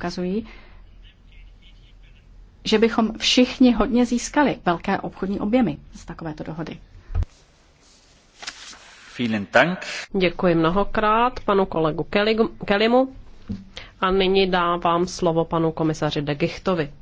ukazují, že bychom všichni hodně získali velké obchodní objemy z takovéto dohody. Děkuji mnohokrát panu kolegu Kelimu a nyní dávám slovo panu komisaři De Gichtovi.